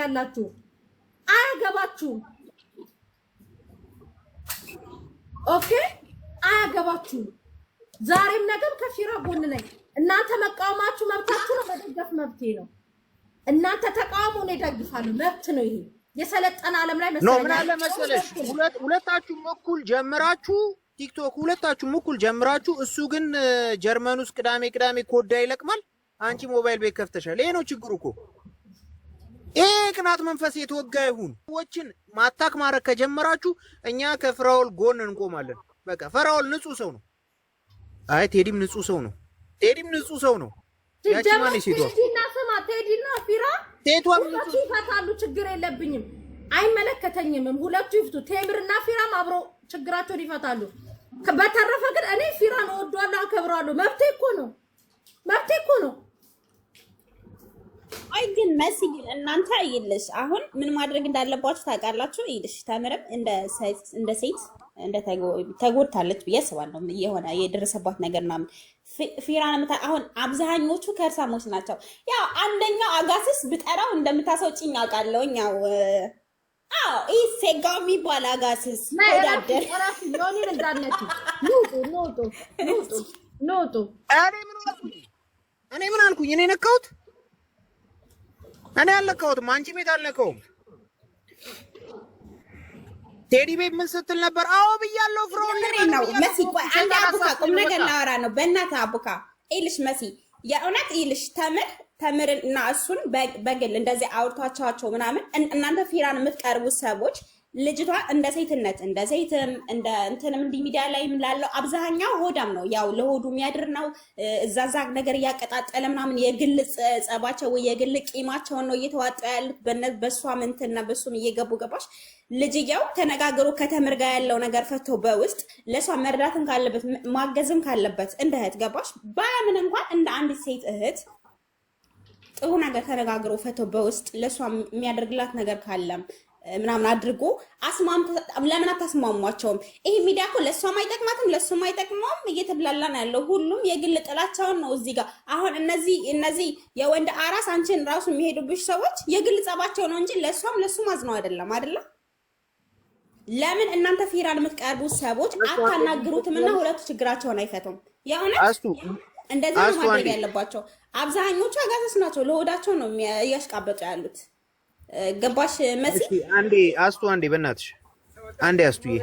ያላችሁ አያገባችሁ። ኦኬ አያገባችሁ። ዛሬም ነገም ከፊራ ጎን ነኝ። እናንተ መቃወማችሁ መብታችሁ ነው፣ መደገፍ መብቴ ነው። እናንተ ተቃውሞ ነው ይደግፋሉ፣ መብት ነው። ይሄ የሰለጠነ ዓለም ላይ መሰለኝ ነው። ምን አለ መሰለሽ ሁለታችሁም እኩል ጀምራችሁ ቲክቶክ ሁለታችሁም እኩል ጀምራችሁ፣ እሱ ግን ጀርመን ውስጥ ቅዳሜ ቅዳሜ ኮዳ ይለቅማል፣ አንቺ ሞባይል ቤት ከፍተሻል። ይሄ ነው ችግሩ እኮ ይሄ ቅናት መንፈስ የተወጋ ይሁን። ሰዎችን ማታክ ማድረግ ከጀመራችሁ እኛ ከፍራውል ጎን እንቆማለን። በቃ ፍራውል ንጹህ ሰው ነው። አይ ቴዲም ንጹህ ሰው ነው። ቴዲም ንጹህ ሰው ነው። ያቺማን ይፈታሉ። ችግር የለብኝም፣ አይመለከተኝምም። ሁለቱ ይፍቱ። ቴምርና ፊራም አብሮ ችግራቸውን ይፈታሉ። በተረፈ ግን እኔ ፊራን እወደዋለሁ፣ አከብረዋለሁ። መብቴ እኮ ነው፣ መብቴ እኮ ነው። አይ ግን መሲ ግን እናንተ ይልሽ አሁን ምን ማድረግ እንዳለባችሁ ታውቃላችሁ። ይልሽ ተምርም እንደ ሴት እንደ ተጎድታለች ብዬ አስባለሁ። የሆነ የደረሰባት ነገር ምናምን ፊራን አሁን አብዛኞቹ ከእርሳሞች ናቸው። ያው አንደኛው አጋስስ ብጠራው እንደምታሰውጭኝ አውቃለሁ። ያው አዎ ይህ ሴጋ የሚባል አጋስስ ወዳደር ኖጡ ኖጡ ኖጡ እኔ ምን አልኩኝ? እኔ ምን አልኩኝ? እኔ ነካሁት እኔ አልለካሁትም። አንቺ ቤት አልለካሁም። ቴዲ ቤት ምን ስትል ነበር? አዎ ብያለሁ። ፍሮን ነው መሲ። ቆይ አንድ አቡካ ቁም ነገር ላወራ ነው። በእናት አቡካ ይልሽ መሲ፣ የእውነት ይልሽ ተምር ተምርና እሱን በግል እንደዚህ አውርቷቸዋቸው ምናምን እናንተ ፊራን የምትቀርቡ ሰዎች ልጅቷ እንደ ሴትነት እንደ ሴትም እንደ እንትንም እንዲህ ሚዲያ ላይም ላለው አብዛኛው ሆዳም ነው። ያው ለሆዱ የሚያድር ነው። እዛዛ ነገር እያቀጣጠለ ምናምን የግል ጸባቸው ወይ የግል ቂማቸውን ነው እየተዋጠ ያሉት። በእሷም እንትና በእሱም እየገቡ ገባሽ። ልጅየው ተነጋግሮ ከተምር ጋር ያለው ነገር ፈቶ በውስጥ ለእሷ መርዳትም ካለበት ማገዝም ካለበት እንደ እህት ገባሽ። ባያምን እንኳን እንደ አንድ ሴት እህት ጥሩ ነገር ተነጋግሮ ፈቶ በውስጥ ለእሷ የሚያደርግላት ነገር ካለም ምናምን አድርጎ ለምን አታስማሟቸውም? ይሄ ሚዲያ እኮ ለእሷም አይጠቅማትም ለእሱም አይጠቅመውም። እየተብላላ ነው ያለው። ሁሉም የግል ጥላቻውን ነው እዚህ ጋር አሁን እነዚህ እነዚህ የወንድ አራስ አንቺን ራሱ የሚሄዱብሽ ሰዎች የግል ጸባቸው ነው እንጂ ለእሷም ለእሱም አዝነው አይደለም አይደለም። ለምን እናንተ ፊራን የምትቀርቡ ሰዎች አታናግሩትም? እና ሁለቱ ችግራቸውን አይፈቱም። የእውነት እንደዚህ ማድረግ ያለባቸው አብዛኞቹ አጋዘስ ናቸው። ለሆዳቸው ነው እያሽቃበጡ ያሉት። ገባሽ መሲ? አንዴ አስቱ፣ አንዴ በእናትሽ አንዴ አስቱዬ፣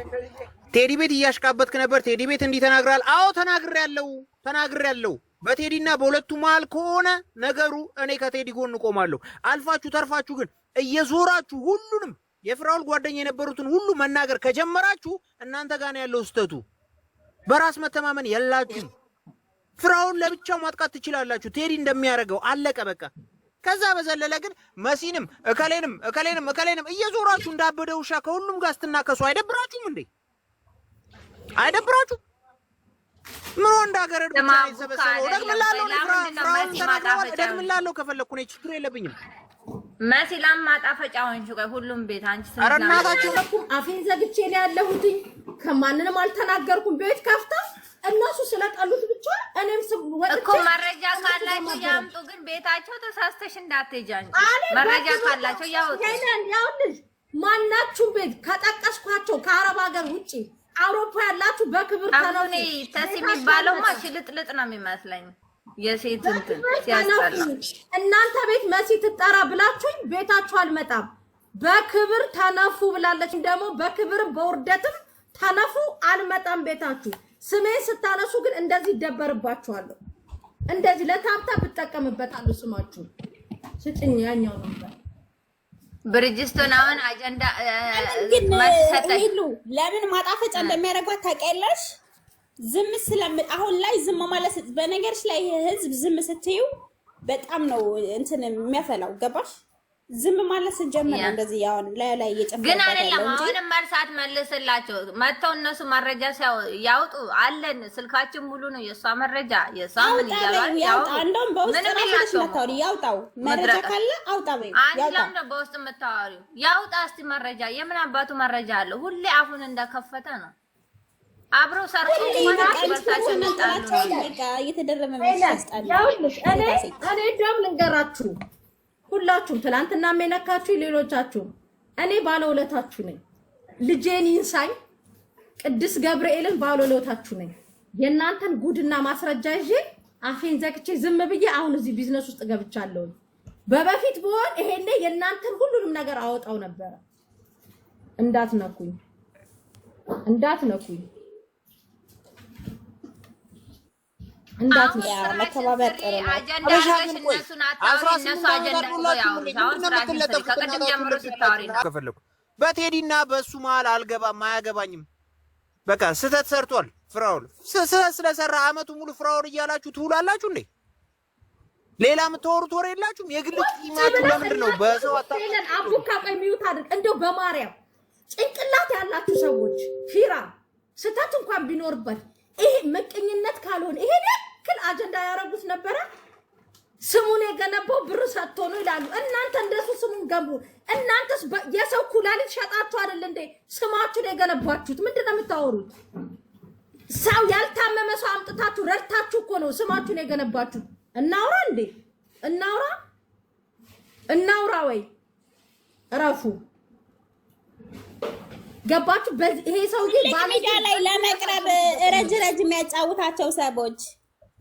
ቴዲ ቤት እያሽቃበትክ ነበር። ቴዲ ቤት እንዲህ ተናግራል። አዎ ተናግር ያለው በቴዲና በሁለቱ መሀል ከሆነ ነገሩ እኔ ከቴዲ ጎን እቆማለሁ። አልፋችሁ ተርፋችሁ ግን እየዞራችሁ ሁሉንም የፍራውል ጓደኛ የነበሩትን ሁሉ መናገር ከጀመራችሁ እናንተ ጋር ነው ያለው ስህተቱ። በራስ መተማመን ያላችሁ ፍራውን ለብቻው ማጥቃት ትችላላችሁ። ቴዲ እንደሚያደርገው አለቀ በቃ። ከዛ በዘለለ ግን መሲንም እከሌንም እከሌንም እከሌንም እየዞራችሁ እንዳበደ ውሻ ከሁሉም ጋር ስትናከሱ አይደብራችሁም እንዴ? አይደብራችሁም? ምን ወንድ ሀገር ሰበሰበው። ደግምላለው ተናግረዋል። ደግምላለው ከፈለግኩ እኔ ችግር የለብኝም። መሲ ማጣፈጫ ሆንሽ። ቆይ ሁሉም ቤት አንቺ ስለ እናታችሁ አፌን ዘግቼ ነው ያለሁትኝ። ከማንንም አልተናገርኩም። ቤት ከፍታ እነሱ ስለጠሉት ብቻ እኔም እኮ መረጃ ካላቸው ያምጡ። ግን ቤታቸው ተሳስተሽ እንዳትጃኝ። መረጃ ካላቸው ያውጡ። ያውልሽ ማናችሁም ቤት ከጠቀስኳቸው ከአረብ ሀገር ውጭ አውሮፓ ያላችሁ በክብር ተለኔ ተስ የሚባለውማ ሽልጥልጥ ነው የሚመስለኝ። የሴት እንትን እናንተ ቤት መሲ ትጠራ ብላችሁኝ ቤታችሁ አልመጣም። በክብር ተነፉ ብላለች። ደግሞ በክብርም በውርደትም ተነፉ፣ አልመጣም ቤታችሁ ስሜን ስታነሱ ግን እንደዚህ ይደበርባችኋለሁ። እንደዚህ ለታብታ ብጠቀምበታለሁ። ስማችሁ ስጭኝ። ያኛው ነበር ብርጅስቶን አሁን አጀንዳ ለምን ማጣፈጫ እንደሚያደርጓት ታውቂያለሽ? ዝም ስለም አሁን ላይ ዝም ማለት በነገርሽ ላይ ህዝብ ዝም ስትዩ በጣም ነው እንትን የሚያፈላው ገባሽ? ዝም ማለት ስጀምር እንደዚህ ያሁን ላይ ላይ እየጨመረ ግን አይደለም። አሁንም መርሳት መልስላቸው መጥተው እነሱ መረጃ ያውጡ አለን። ስልካችን ሙሉ ነው። የእሷ መረጃ የእሷ ምን ይላል ያውጣ። እንደውም በውስጥ ራስሽ መታወሪ ያውጣው መረጃ ካለ አውጣ ወይ ያውጣ። ነው በውስጥ መታወሪ ያውጣ እስቲ መረጃ። የምን አባቱ መረጃ አለ? ሁሌ አፉን እንደከፈተ ነው። አብሮ ሰርቶ ማለት በርታቸው ነው። ታላቸው እየተደረመ ነው ያስጣለ። እኔ እኔ ደም ልንገራችሁ ሁላችሁም ትላንትና የነካችሁ ሌሎቻችሁም እኔ ባለውለታችሁ ነኝ። ልጄን ይንሳኝ ቅድስት ገብርኤልን ባለውለታችሁ ነኝ። የእናንተን ጉድና ማስረጃ ይዤ አፌን ዘግቼ ዝም ብዬ አሁን እዚህ ቢዝነስ ውስጥ ገብቻለሁ። በበፊት ብሆን ይሄን የእናንተን ሁሉንም ነገር አወጣው ነበረ። እንዳትነኩኝ፣ እንዳትነኩኝ። ከፈለኩ በቴዲና በእሱ መሀል አልገባም፣ አያገባኝም። በቃ ስህተት ሰርቷል ፍራውል። ስህተት ስለሰራ አመቱ ሙሉ ፍራውል እያላችሁ ትውላላችሁ እንዴ? ሌላ የምታወሩት ወሬ የላችሁም? የግል ጥቅማቱ ለምንድን ነው በሰው አታውቅም? አቡካ ቆይ አድርግ። እንደው በማርያም ጭንቅላት ያላችሁ ሰዎች ፊራ ስህተት እንኳን ቢኖርበት ይሄ ምቀኝነት ካልሆነ ይሄ ታውቁት ነበረ? ስሙን የገነባው ብር ሰጥቶ ነው ይላሉ። እናንተ እንደሱ ስሙን ገንቡ። እናንተስ የሰው ኩላሊት ሸጣችሁ አይደል እንዴ ስማችሁን የገነባችሁት? ምንድን ነው የምታወሩት? ሰው ያልታመመ ሰው አምጥታችሁ ረድታችሁ እኮ ነው ስማችሁን የገነባችሁት። እናውራ እንዴ እናውራ እናውራ ወይ እረፉ። ገባችሁ? ይሄ ሰውዬ ሚዲያ ላይ ለመቅረብ ረጅ ረጅ የሚያጫውታቸው ሰዎች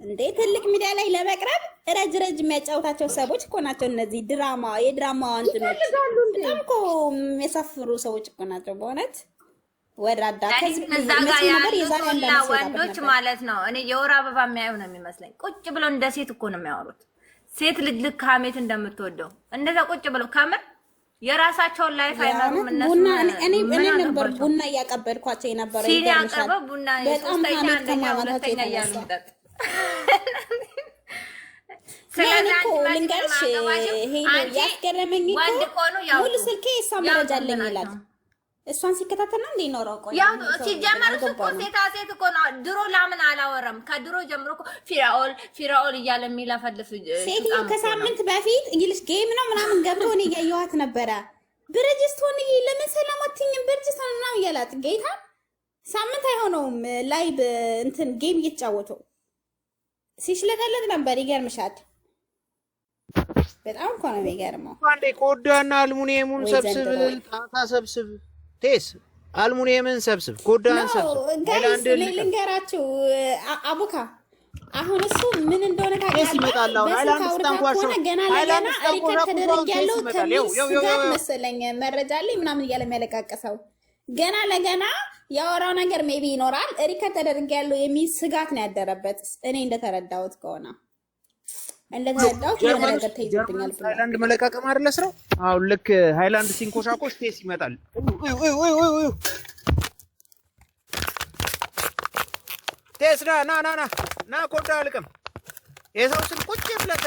እንዴ ትልቅ ሚዲያ ላይ ለመቅረብ ረጅ ረጅ የሚያጫውታቸው ሰዎች እኮ ናቸው እነዚህ። ድራማ የድራማ ዋንትኖች በጣም እኮ የሚያሳፍሩ ሰዎች እኮ ናቸው በእውነት ወራዳ። ወንዶች ማለት ነው። እኔ የወር አበባ የሚያዩ ነው የሚመስለኝ። ቁጭ ብለው እንደ ሴት እኮ ነው የሚያወሩት። ሴት ልጅ ልክ ሀሜት እንደምትወደው እንደዛ ቁጭ ብለው ከምር የራሳቸውን ላይፍ አይመሩም። እኔ ነበር ቡና እያቀበልኳቸው የነበረ ሲኒ አቅርበው ቡና ሶስተኛ አንደኛ ሁለተኛ እያሉ ይጠጥ ልንገርሽ ያስገረመኝ ሙሉ ስልኬ እሷ መረጃ አለኝ ይላል። እሷን ሲከታተል ነው ሲጀመር እሱ እኮ ሴታ ሴት እኮ ነው። ድሮ ለምን ከድሮ ጀምሮ እኮ ፊራኦል ፊራኦል እያለ የሚለፈልፍ ሴትዮ ከሳምንት በፊት እንግሊሽ ጌም ነው ምናምን ገብቶ እኔ እያየኋት ነበረ። ብርጅስት ሆን ለምን ሰላም አትይኝም? ብርጅስት ምናምን እያላት ጌታ ሳምንት አይሆነውም ላይ እንትን ጌም እየተጫወተው ሲሽለተለት ነበር። ይገርምሻል። በጣም እኮ ነው የሚገርመው። አንዴ ኮዳና አልሙኒየሙን ሰብስብ፣ ጣታ ሰብስብ፣ ቴስ አልሙኒየምን ሰብስብ፣ ኮዳን ሰብስብ። ልንገራችሁ አቡካ አሁን እሱ ምን እንደሆነ ታውቃለህ። ገና ለገና ሪከርድ ተደረግ ያለው ከሚል ስጋት መሰለኝ መረጃ አለኝ ምናምን እያለ የሚያለቃቀሰው ገና ለገና ያወራው ነገር ሜቢ ይኖራል። ሪከርድ ተደርጌ ያለው የሚል ስጋት ነው ያደረበት። እኔ እንደተረዳሁት ከሆነ እንደተረዳሁት ነገር ተይዞብኛል። ሃይላንድ መለቃቀም አይደለ ስራው። አሁን ልክ ሃይላንድ ሲንኮሻኮሽ ቴስ ይመጣል። ቴስ ና ና ና ና ኮዳ አልቅም የሰው ስም ቁጭ ብለህ